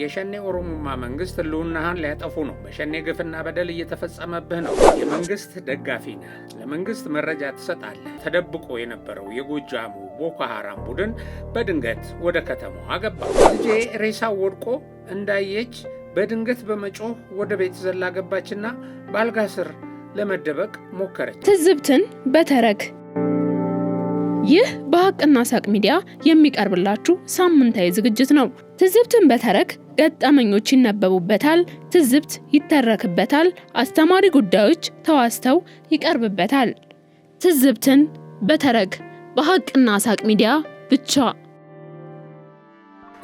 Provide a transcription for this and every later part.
የሸኔ ኦሮሞማ መንግስት ህልውናህን ሊያጠፉ ነው። በሸኔ ግፍና በደል እየተፈጸመብህ ነው። የመንግስት ደጋፊ ነህ። ለመንግስት መረጃ ትሰጣለህ። ተደብቆ የነበረው የጎጃሙ ቦኮ ቡድን በድንገት ወደ ከተማው አገባ። ልጄ ሬሳው ወድቆ እንዳየች በድንገት በመጮህ ወደ ቤት ዘላ ገባችና በአልጋ ስር ለመደበቅ ሞከረች። ትዝብትን በተረክ ይህ በሀቅና ሳቅ ሚዲያ የሚቀርብላችሁ ሳምንታዊ ዝግጅት ነው። ትዝብትን በተረክ ገጠመኞች ይነበቡበታል። ትዝብት ይተረክበታል። አስተማሪ ጉዳዮች ተዋስተው ይቀርብበታል። ትዝብትን በተረክ በሀቅና ሳቅ ሚዲያ ብቻ።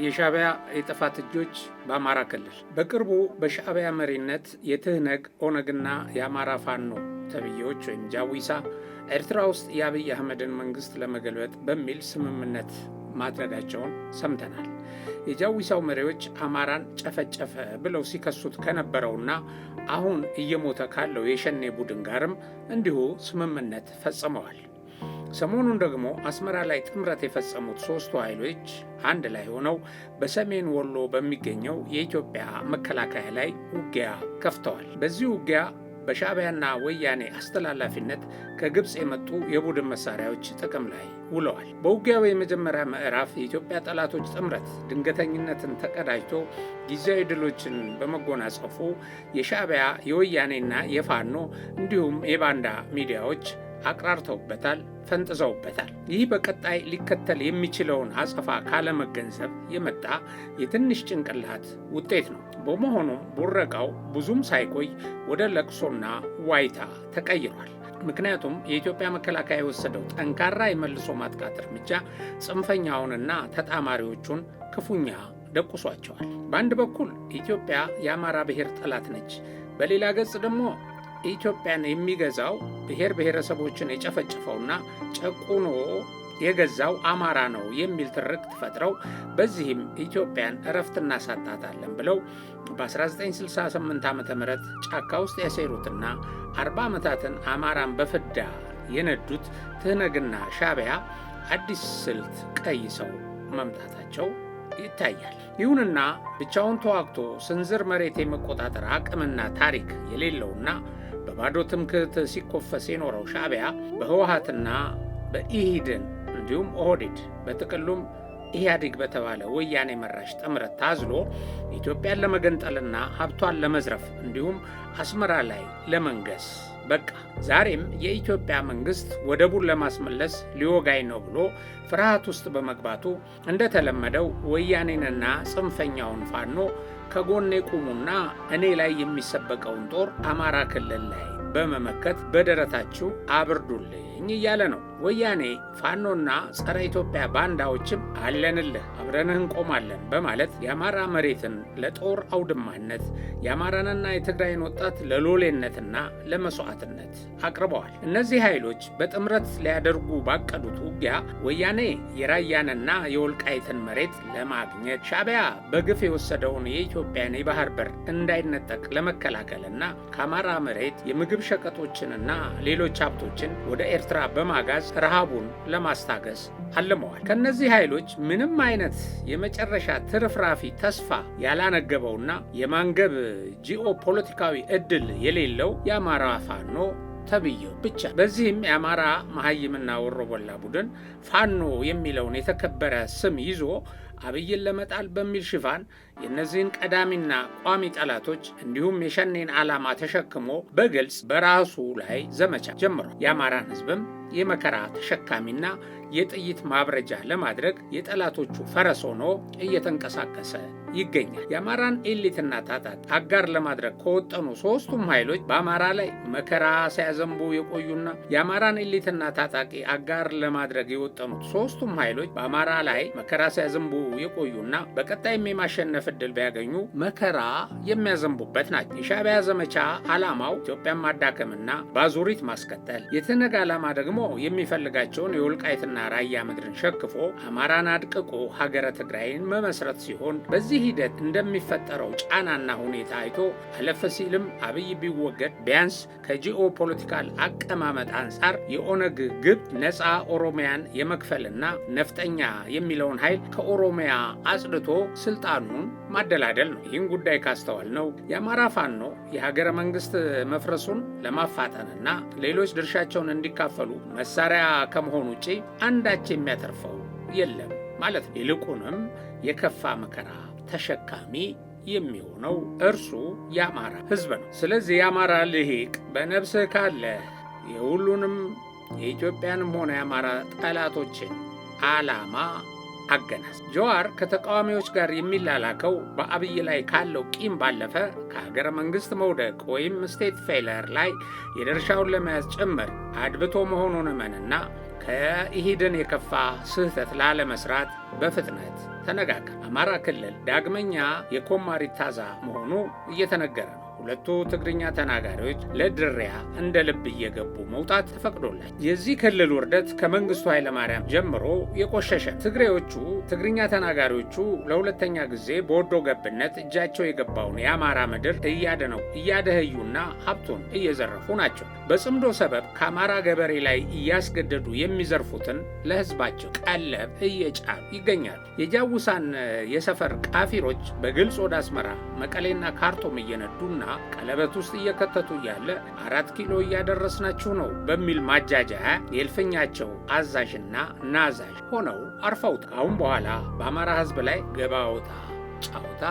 የሻዕቢያ የጥፋት እጆች በአማራ ክልል በቅርቡ በሻዕቢያ መሪነት የትህነግ ኦነግና የአማራ ፋኖ ተብዬዎች ወይም ጃዊሳ ኤርትራ ውስጥ የአብይ አህመድን መንግስት ለመገልበጥ በሚል ስምምነት ማድረጋቸውን ሰምተናል። የጃዊሳው መሪዎች አማራን ጨፈጨፈ ብለው ሲከሱት ከነበረውና አሁን እየሞተ ካለው የሸኔ ቡድን ጋርም እንዲሁ ስምምነት ፈጽመዋል። ሰሞኑን ደግሞ አስመራ ላይ ጥምረት የፈጸሙት ሦስቱ ኃይሎች አንድ ላይ ሆነው በሰሜን ወሎ በሚገኘው የኢትዮጵያ መከላከያ ላይ ውጊያ ከፍተዋል። በዚህ ውጊያ በሻዕቢያና ወያኔ አስተላላፊነት ከግብፅ የመጡ የቡድን መሳሪያዎች ጥቅም ላይ ውለዋል። በውጊያው የመጀመሪያ ምዕራፍ የኢትዮጵያ ጠላቶች ጥምረት ድንገተኝነትን ተቀዳጅቶ ጊዜያዊ ድሎችን በመጎናጸፉ የሻዕቢያ የወያኔና የፋኖ እንዲሁም የባንዳ ሚዲያዎች አቅራርተውበታል፣ ፈንጥዘውበታል። ይህ በቀጣይ ሊከተል የሚችለውን አጸፋ ካለመገንዘብ የመጣ የትንሽ ጭንቅላት ውጤት ነው። በመሆኑም ቦረቃው ብዙም ሳይቆይ ወደ ለቅሶና ዋይታ ተቀይሯል። ምክንያቱም የኢትዮጵያ መከላከያ የወሰደው ጠንካራ የመልሶ ማጥቃት እርምጃ ጽንፈኛውንና ተጣማሪዎቹን ክፉኛ ደቁሷቸዋል። በአንድ በኩል ኢትዮጵያ የአማራ ብሔር ጠላት ነች፣ በሌላ ገጽ ደግሞ ኢትዮጵያን የሚገዛው ብሔር ብሔረሰቦችን የጨፈጨፈውና ጨቁኖ የገዛው አማራ ነው የሚል ትርክት ፈጥረው በዚህም ኢትዮጵያን እረፍት እናሳጣታለን ብለው በ1968 ዓ ም ጫካ ውስጥ ያሴሩትና 40 ዓመታትን አማራን በፍዳ የነዱት ትህነግና ሻቢያ አዲስ ስልት ቀይሰው መምጣታቸው ይታያል። ይሁንና ብቻውን ተዋግቶ ስንዝር መሬት የመቆጣጠር አቅምና ታሪክ የሌለውና በባዶ ትምክህት ሲኮፈስ የኖረው ሻዕቢያ በህወሀትና በኢሂድን እንዲሁም ኦህዴድ በጥቅሉም ኢህአዴግ በተባለ ወያኔ መራሽ ጥምረት ታዝሎ ኢትዮጵያን ለመገንጠልና ሀብቷን ለመዝረፍ እንዲሁም አስመራ ላይ ለመንገስ በቃ። ዛሬም የኢትዮጵያ መንግስት ወደቡን ለማስመለስ ሊወጋኝ ነው ብሎ ፍርሃት ውስጥ በመግባቱ እንደተለመደው ወያኔንና ጽንፈኛውን ፋኖ ከጎኔ ቁሙና እኔ ላይ የሚሰበቀውን ጦር አማራ ክልል ላይ በመመከት በደረታችሁ አብርዱልኝ እያለ ነው። ወያኔ ፋኖና ጸረ ኢትዮጵያ ባንዳዎችም አለንልህ አብረንህ እንቆማለን በማለት የአማራ መሬትን ለጦር አውድማነት የአማራንና የትግራይን ወጣት ለሎሌነትና ለመስዋዕትነት አቅርበዋል። እነዚህ ኃይሎች በጥምረት ሊያደርጉ ባቀዱት ውጊያ ወያኔ የራያንና የወልቃይትን መሬት ለማግኘት ሻቢያ በግፍ የወሰደውን የኢትዮጵያን የባህር በር እንዳይነጠቅ ለመከላከልና ከአማራ መሬት የምግብ ሸቀጦችንና ሌሎች ሀብቶችን ወደ ኤርትራ በማጋዝ ረሃቡን ለማስታገስ አልመዋል። ከእነዚህ ኃይሎች ምንም አይነት የመጨረሻ ትርፍራፊ ተስፋ ያላነገበውና የማንገብ ጂኦ ፖለቲካዊ ዕድል የሌለው የአማራ ፋኖ ተብዬው ብቻ። በዚህም የአማራ መሀይምና ወሮበላ ቡድን ፋኖ የሚለውን የተከበረ ስም ይዞ አብይን ለመጣል በሚል ሽፋን የእነዚህን ቀዳሚና ቋሚ ጠላቶች እንዲሁም የሸኔን ዓላማ ተሸክሞ በግልጽ በራሱ ላይ ዘመቻ ጀምሯል። የአማራን ሕዝብም የመከራ ተሸካሚና የጥይት ማብረጃ ለማድረግ የጠላቶቹ ፈረስ ሆኖ እየተንቀሳቀሰ ይገኛል። የአማራን ኤሊትና ታጣቂ አጋር ለማድረግ ከወጠኑ ሶስቱም ኃይሎች በአማራ ላይ መከራ ሲያዘንቡ የቆዩና የአማራን ኤሊትና ታጣቂ አጋር ለማድረግ የወጠኑት ሶስቱም ኃይሎች በአማራ ላይ መከራ ሲያዘንቡ የቆዩና በቀጣይም የማሸነፍ እድል ቢያገኙ መከራ የሚያዘንቡበት ናቸው። የሻዕቢያ ዘመቻ ዓላማው ኢትዮጵያን ማዳከምና ባዙሪት ማስቀጠል፣ የትነግ ዓላማ ደግሞ የሚፈልጋቸውን የወልቃይትና ራያ ምድርን ሸክፎ አማራን አድቅቆ ሀገረ ትግራይን መመስረት ሲሆን በዚህ ሂደት እንደሚፈጠረው ጫናና ሁኔታ አይቶ አለፍ ሲልም አብይ ቢወገድ ቢያንስ ከጂኦ ፖለቲካል አቀማመጥ አንጻር የኦነግ ግብ ነፃ ኦሮሚያን የመክፈልና ነፍጠኛ የሚለውን ኃይል ከኦሮሚያ አጽድቶ ስልጣኑን ማደላደል ነው። ይህን ጉዳይ ካስተዋል ነው የአማራ ፋኖ የሀገረ መንግስት መፍረሱን ለማፋጠንና ሌሎች ድርሻቸውን እንዲካፈሉ መሳሪያ ከመሆን ውጪ አንዳች የሚያተርፈው የለም ማለት ነው። ይልቁንም የከፋ መከራ ተሸካሚ የሚሆነው እርሱ የአማራ ህዝብ ነው። ስለዚህ የአማራ ልሂቅ በነብስ ካለ የሁሉንም የኢትዮጵያንም ሆነ የአማራ ጠላቶችን አላማ አገናዝ ጀዋር ከተቃዋሚዎች ጋር የሚላላከው በአብይ ላይ ካለው ቂም ባለፈ ከሀገረ መንግስት መውደቅ ወይም ስቴት ፌለር ላይ የድርሻውን ለመያዝ ጭምር አድብቶ መሆኑን እመንና ከኢሂድን የከፋ ስህተት ላለመስራት በፍጥነት ተነጋገር። አማራ ክልል ዳግመኛ የኮማሪ ታዛ መሆኑ እየተነገረ ነው። ሁለቱ ትግርኛ ተናጋሪዎች ለድሪያ እንደ ልብ እየገቡ መውጣት ተፈቅዶላቸው። የዚህ ክልል ውርደት ከመንግስቱ ኃይለማርያም ጀምሮ የቆሸሸ ትግሬዎቹ ትግርኛ ተናጋሪዎቹ ለሁለተኛ ጊዜ በወዶ ገብነት እጃቸው የገባውን የአማራ ምድር እያደነው እያደህዩና ሀብቱን እየዘረፉ ናቸው። በጽምዶ ሰበብ ከአማራ ገበሬ ላይ እያስገደዱ የሚዘርፉትን ለህዝባቸው ቀለብ እየጫሉ ይገኛሉ። የጃውሳን የሰፈር ቃፊሮች በግልጽ ወደ አስመራ መቀሌና ካርቶም እየነዱና ቀለበት ውስጥ እየከተቱ እያለ አራት ኪሎ እያደረስናችሁ ነው በሚል ማጃጃያ የልፈኛቸው አዛዥና ናዛዥ ሆነው አርፈውት አሁን በኋላ በአማራ ሕዝብ ላይ ገባውታ ጫውታ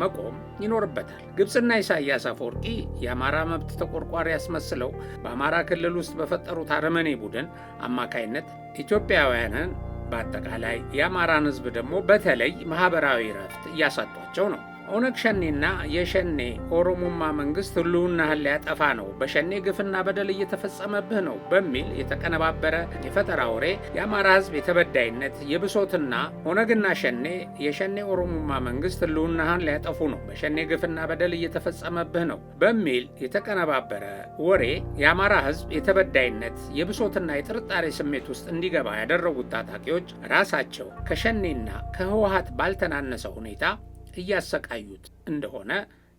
መቆም ይኖርበታል። ግብፅና ኢሳያስ አፈወርቂ የአማራ መብት ተቆርቋሪ ያስመስለው በአማራ ክልል ውስጥ በፈጠሩት አረመኔ ቡድን አማካይነት ኢትዮጵያውያንን በአጠቃላይ የአማራን ሕዝብ ደግሞ በተለይ ማኅበራዊ ረፍት እያሳጧቸው ነው። ኦነግ ሸኔና የሸኔ ኦሮሞማ መንግስት ህልውናህን ሊያጠፋ ነው፣ በሸኔ ግፍና በደል እየተፈጸመብህ ነው በሚል የተቀነባበረ የፈጠራ ወሬ የአማራ ህዝብ የተበዳይነት የብሶትና ኦነግና ሸኔ የሸኔ ኦሮሞማ መንግስት ህልውናህን ሊያጠፉ ነው፣ በሸኔ ግፍና በደል እየተፈጸመብህ ነው በሚል የተቀነባበረ ወሬ የአማራ ህዝብ የተበዳይነት የብሶትና የጥርጣሬ ስሜት ውስጥ እንዲገባ ያደረጉት ታጣቂዎች ራሳቸው ከሸኔና ከህወሀት ባልተናነሰ ሁኔታ እያሰቃዩት እንደሆነ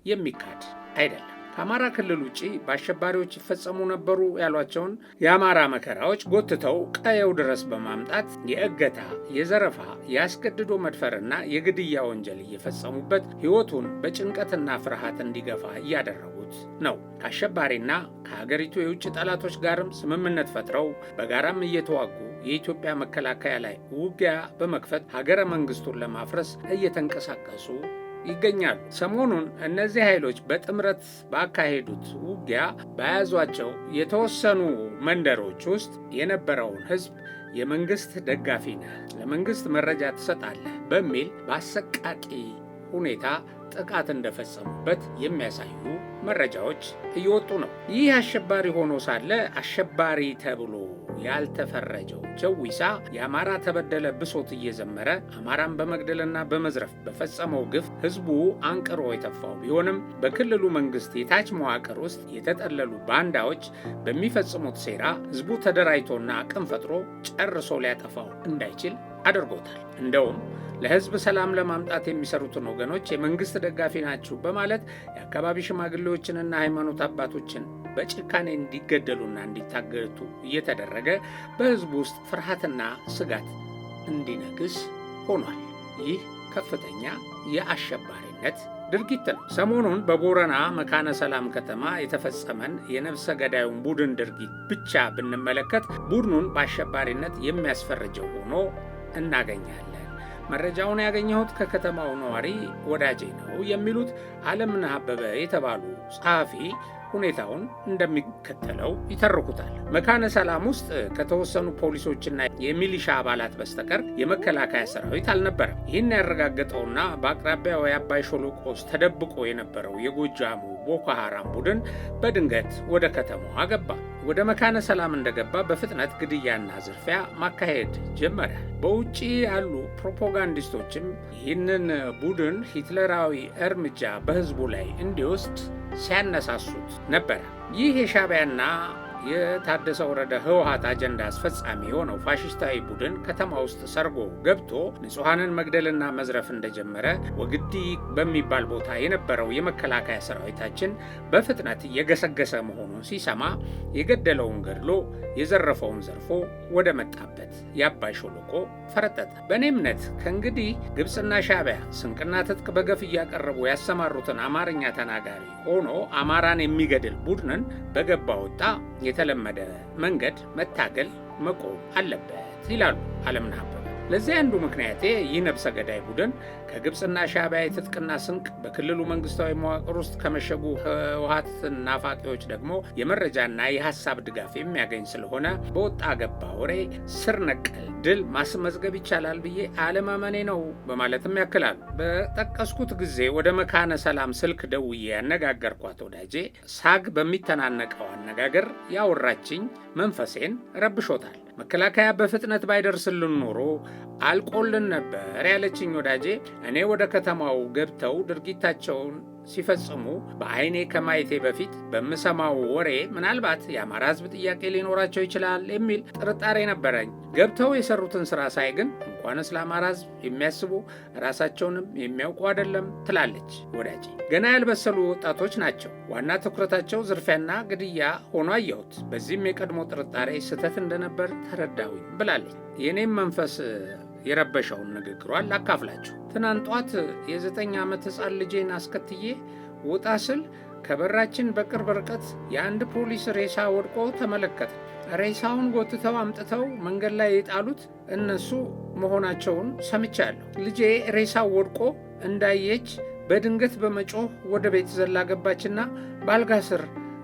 የሚካድ አይደለም። ከአማራ ክልል ውጭ በአሸባሪዎች ይፈጸሙ ነበሩ ያሏቸውን የአማራ መከራዎች ጎትተው ቀየው ድረስ በማምጣት የእገታ፣ የዘረፋ፣ የአስገድዶ መድፈርና የግድያ ወንጀል እየፈጸሙበት ሕይወቱን በጭንቀትና ፍርሃት እንዲገፋ እያደረጉት ነው። ከአሸባሪና ከሀገሪቱ የውጭ ጠላቶች ጋርም ስምምነት ፈጥረው በጋራም እየተዋጉ የኢትዮጵያ መከላከያ ላይ ውጊያ በመክፈት ሀገረ መንግስቱን ለማፍረስ እየተንቀሳቀሱ ይገኛሉ። ሰሞኑን እነዚህ ኃይሎች በጥምረት ባካሄዱት ውጊያ በያዟቸው የተወሰኑ መንደሮች ውስጥ የነበረውን ሕዝብ የመንግስት ደጋፊ ነህ፣ ለመንግስት መረጃ ትሰጣለህ በሚል በአሰቃቂ ሁኔታ ጥቃት እንደፈጸሙበት የሚያሳዩ መረጃዎች እየወጡ ነው። ይህ አሸባሪ ሆኖ ሳለ አሸባሪ ተብሎ ያልተፈረጀው ጀዊሳ የአማራ ተበደለ ብሶት እየዘመረ አማራን በመግደልና በመዝረፍ በፈጸመው ግፍ ህዝቡ አንቅሮ የተፋው ቢሆንም በክልሉ መንግስት የታች መዋቅር ውስጥ የተጠለሉ ባንዳዎች በሚፈጽሙት ሴራ ህዝቡ ተደራጅቶና አቅም ፈጥሮ ጨርሶ ሊያጠፋው እንዳይችል አድርጎታል። እንደውም ለህዝብ ሰላም ለማምጣት የሚሰሩትን ወገኖች የመንግስት ደጋፊ ናችሁ በማለት የአካባቢ ሽማግሌዎችንና ሃይማኖት አባቶችን በጭካኔ እንዲገደሉና እንዲታገቱ እየተደረገ በሕዝቡ ውስጥ ፍርሃትና ስጋት እንዲነግስ ሆኗል። ይህ ከፍተኛ የአሸባሪነት ድርጊት ነው። ሰሞኑን በቦረና መካነ ሰላም ከተማ የተፈጸመን የነፍሰ ገዳዩን ቡድን ድርጊት ብቻ ብንመለከት ቡድኑን በአሸባሪነት የሚያስፈርጀው ሆኖ እናገኛለን። መረጃውን ያገኘሁት ከከተማው ነዋሪ ወዳጄ ነው የሚሉት አለምነህ አበበ የተባሉ ጸሐፊ ሁኔታውን እንደሚከተለው ይተርኩታል። መካነ ሰላም ውስጥ ከተወሰኑ ፖሊሶችና የሚሊሻ አባላት በስተቀር የመከላከያ ሰራዊት አልነበረም። ይህን ያረጋገጠውና በአቅራቢያው የአባይ ሸለቆስ ተደብቆ የነበረው የጎጃሙ ቦኮ ቡድን በድንገት ወደ ከተማዋ ገባ። ወደ መካነ ሰላም እንደገባ በፍጥነት ግድያና ዝርፊያ ማካሄድ ጀመረ። በውጭ ያሉ ፕሮፓጋንዲስቶችም ይህንን ቡድን ሂትለራዊ እርምጃ በህዝቡ ላይ እንዲወስድ ሲያነሳሱት ነበረ። ይህ የሻቢያና የታደሰ ወረደ ህወሀት አጀንዳ አስፈጻሚ የሆነው ፋሽስታዊ ቡድን ከተማ ውስጥ ሰርጎ ገብቶ ንጹሐንን መግደልና መዝረፍ እንደጀመረ ወግዲ በሚባል ቦታ የነበረው የመከላከያ ሰራዊታችን በፍጥነት የገሰገሰ መሆኑን ሲሰማ የገደለውን ገድሎ የዘረፈውን ዘርፎ ወደ መጣበት የአባይ ሾልቆ ፈረጠጠ። በእኔ እምነት ከእንግዲህ ግብፅና ሻዕቢያ ስንቅና ትጥቅ በገፍ እያቀረቡ ያሰማሩትን አማርኛ ተናጋሪ ሆኖ አማራን የሚገድል ቡድንን በገባ ወጣ የተለመደ መንገድ መታገል መቆም አለበት ይላሉ አለምነህ አበበ። ለዚህ አንዱ ምክንያቴ ይህ ነብሰ ገዳይ ቡድን ከግብፅና ሻዕቢያ የትጥቅና ስንቅ በክልሉ መንግስታዊ መዋቅር ውስጥ ከመሸጉ ህወሓት ናፋቂዎች ደግሞ የመረጃና የሀሳብ ድጋፍ የሚያገኝ ስለሆነ በወጣ ገባ ወሬ ስር ነቀል ድል ማስመዝገብ ይቻላል ብዬ አለማመኔ ነው በማለትም ያክላል። በጠቀስኩት ጊዜ ወደ መካነ ሰላም ስልክ ደውዬ ያነጋገርኳት ወዳጄ ሳግ በሚተናነቀው አነጋገር ያወራችኝ መንፈሴን ረብሾታል። መከላከያ በፍጥነት ባይደርስልን ኖሮ አልቆልን ነበር ያለችኝ ወዳጄ እኔ ወደ ከተማው ገብተው ድርጊታቸውን ሲፈጽሙ በአይኔ ከማየቴ በፊት በምሰማው ወሬ ምናልባት የአማራ ሕዝብ ጥያቄ ሊኖራቸው ይችላል የሚል ጥርጣሬ ነበረኝ። ገብተው የሰሩትን ስራ ሳይ ግን እንኳንስ ለአማራ ሕዝብ የሚያስቡ ራሳቸውንም የሚያውቁ አይደለም ትላለች ወዳጅ። ገና ያልበሰሉ ወጣቶች ናቸው። ዋና ትኩረታቸው ዝርፊያና ግድያ ሆኖ አየሁት። በዚህም የቀድሞ ጥርጣሬ ስህተት እንደነበር ተረዳሁኝ ብላለች። የእኔም መንፈስ የረበሸውን ንግግሯን ላካፍላችሁ። ትናንት ጧት የዘጠኝ ዓመት ሕፃን ልጄን አስከትዬ ውጣ ስል ከበራችን በቅርብ ርቀት የአንድ ፖሊስ ሬሳ ወድቆ ተመለከተ። ሬሳውን ጎትተው አምጥተው መንገድ ላይ የጣሉት እነሱ መሆናቸውን ሰምቻለሁ። ልጄ ሬሳው ወድቆ እንዳየች በድንገት በመጮህ ወደ ቤት ዘላ ገባችና በአልጋ ስር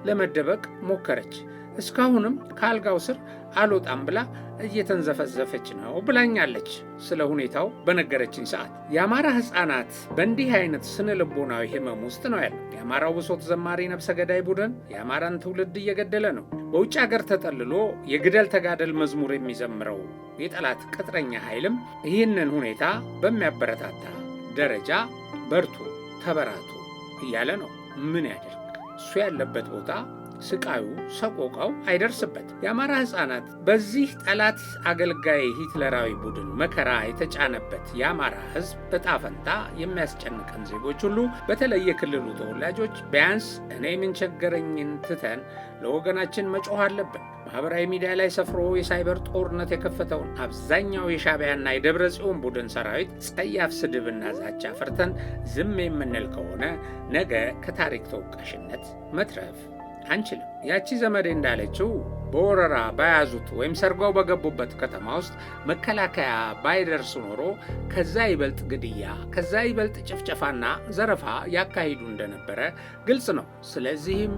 ለመደበቅ ሞከረች። እስካሁንም ከአልጋው ስር አልወጣም ብላ እየተንዘፈዘፈች ነው ብላኛለች። ስለ ሁኔታው በነገረችኝ ሰዓት የአማራ ሕፃናት በእንዲህ አይነት ስነ ልቦናዊ ህመም ውስጥ ነው ያለው። የአማራው ብሶት ዘማሪ ነብሰ ገዳይ ቡድን የአማራን ትውልድ እየገደለ ነው። በውጭ ሀገር ተጠልሎ የግደል ተጋደል መዝሙር የሚዘምረው የጠላት ቅጥረኛ ኃይልም ይህንን ሁኔታ በሚያበረታታ ደረጃ በርቱ፣ ተበራቱ እያለ ነው። ምን ያደርግ እሱ ያለበት ቦታ ስቃዩ፣ ሰቆቃው አይደርስበት። የአማራ ህፃናት በዚህ ጠላት አገልጋይ ሂትለራዊ ቡድን መከራ የተጫነበት የአማራ ህዝብ በጣፈንታ የሚያስጨንቀን ዜጎች ሁሉ በተለይ የክልሉ ተወላጆች ቢያንስ እኔ የምንቸገረኝን ትተን ለወገናችን መጮህ አለብን። ማህበራዊ ሚዲያ ላይ ሰፍሮ የሳይበር ጦርነት የከፈተውን አብዛኛው የሻቢያና የደብረ ጽዮን ቡድን ሰራዊት ጸያፍ ስድብና ዛቻ ፈርተን ዝም የምንል ከሆነ ነገ ከታሪክ ተወቃሽነት መትረፍ አንችልም። ያቺ ዘመዴ እንዳለችው በወረራ በያዙት ወይም ሰርገው በገቡበት ከተማ ውስጥ መከላከያ ባይደርስ ኖሮ ከዛ ይበልጥ ግድያ፣ ከዛ ይበልጥ ጭፍጨፋና ዘረፋ ያካሂዱ እንደነበረ ግልጽ ነው። ስለዚህም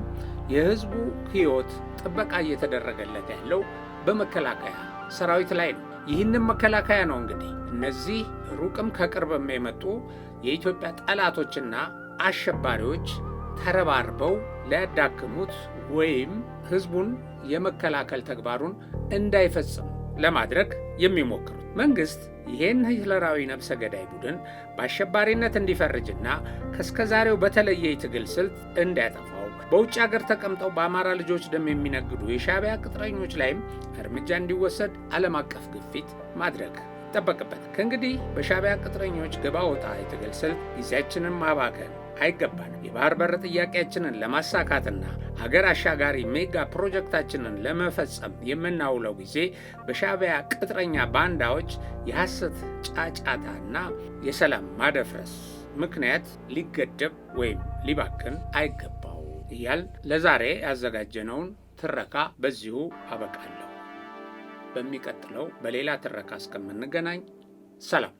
የህዝቡ ህይወት ጥበቃ እየተደረገለት ያለው በመከላከያ ሰራዊት ላይ ነው። ይህንም መከላከያ ነው እንግዲህ እነዚህ ሩቅም ከቅርብም የመጡ የኢትዮጵያ ጠላቶችና አሸባሪዎች ተረባርበው ሊያዳክሙት ወይም ህዝቡን የመከላከል ተግባሩን እንዳይፈጽም ለማድረግ የሚሞክሩት መንግሥት ይህን ሂትለራዊ ነብሰ ገዳይ ቡድን በአሸባሪነት እንዲፈርጅና ከእስከዛሬው በተለየ ትግል ስልት እንዲያጠፋው በውጭ አገር ተቀምጠው በአማራ ልጆች ደም የሚነግዱ የሻቢያ ቅጥረኞች ላይም እርምጃ እንዲወሰድ ዓለም አቀፍ ግፊት ማድረግ ይጠበቅበት። ከእንግዲህ በሻቢያ ቅጥረኞች ግባ ወጣ የትግል ስልት ጊዜያችንን ማባከን አይገባንም። የባህር በር ጥያቄያችንን ለማሳካትና ሀገር አሻጋሪ ሜጋ ፕሮጀክታችንን ለመፈጸም የምናውለው ጊዜ በሻቢያ ቅጥረኛ ባንዳዎች የሐሰት ጫጫታና የሰላም ማደፍረስ ምክንያት ሊገደብ ወይም ሊባክን አይገባው እያል ለዛሬ ያዘጋጀነውን ትረካ በዚሁ አበቃለሁ። በሚቀጥለው በሌላ ትረካ እስከምንገናኝ ሰላም።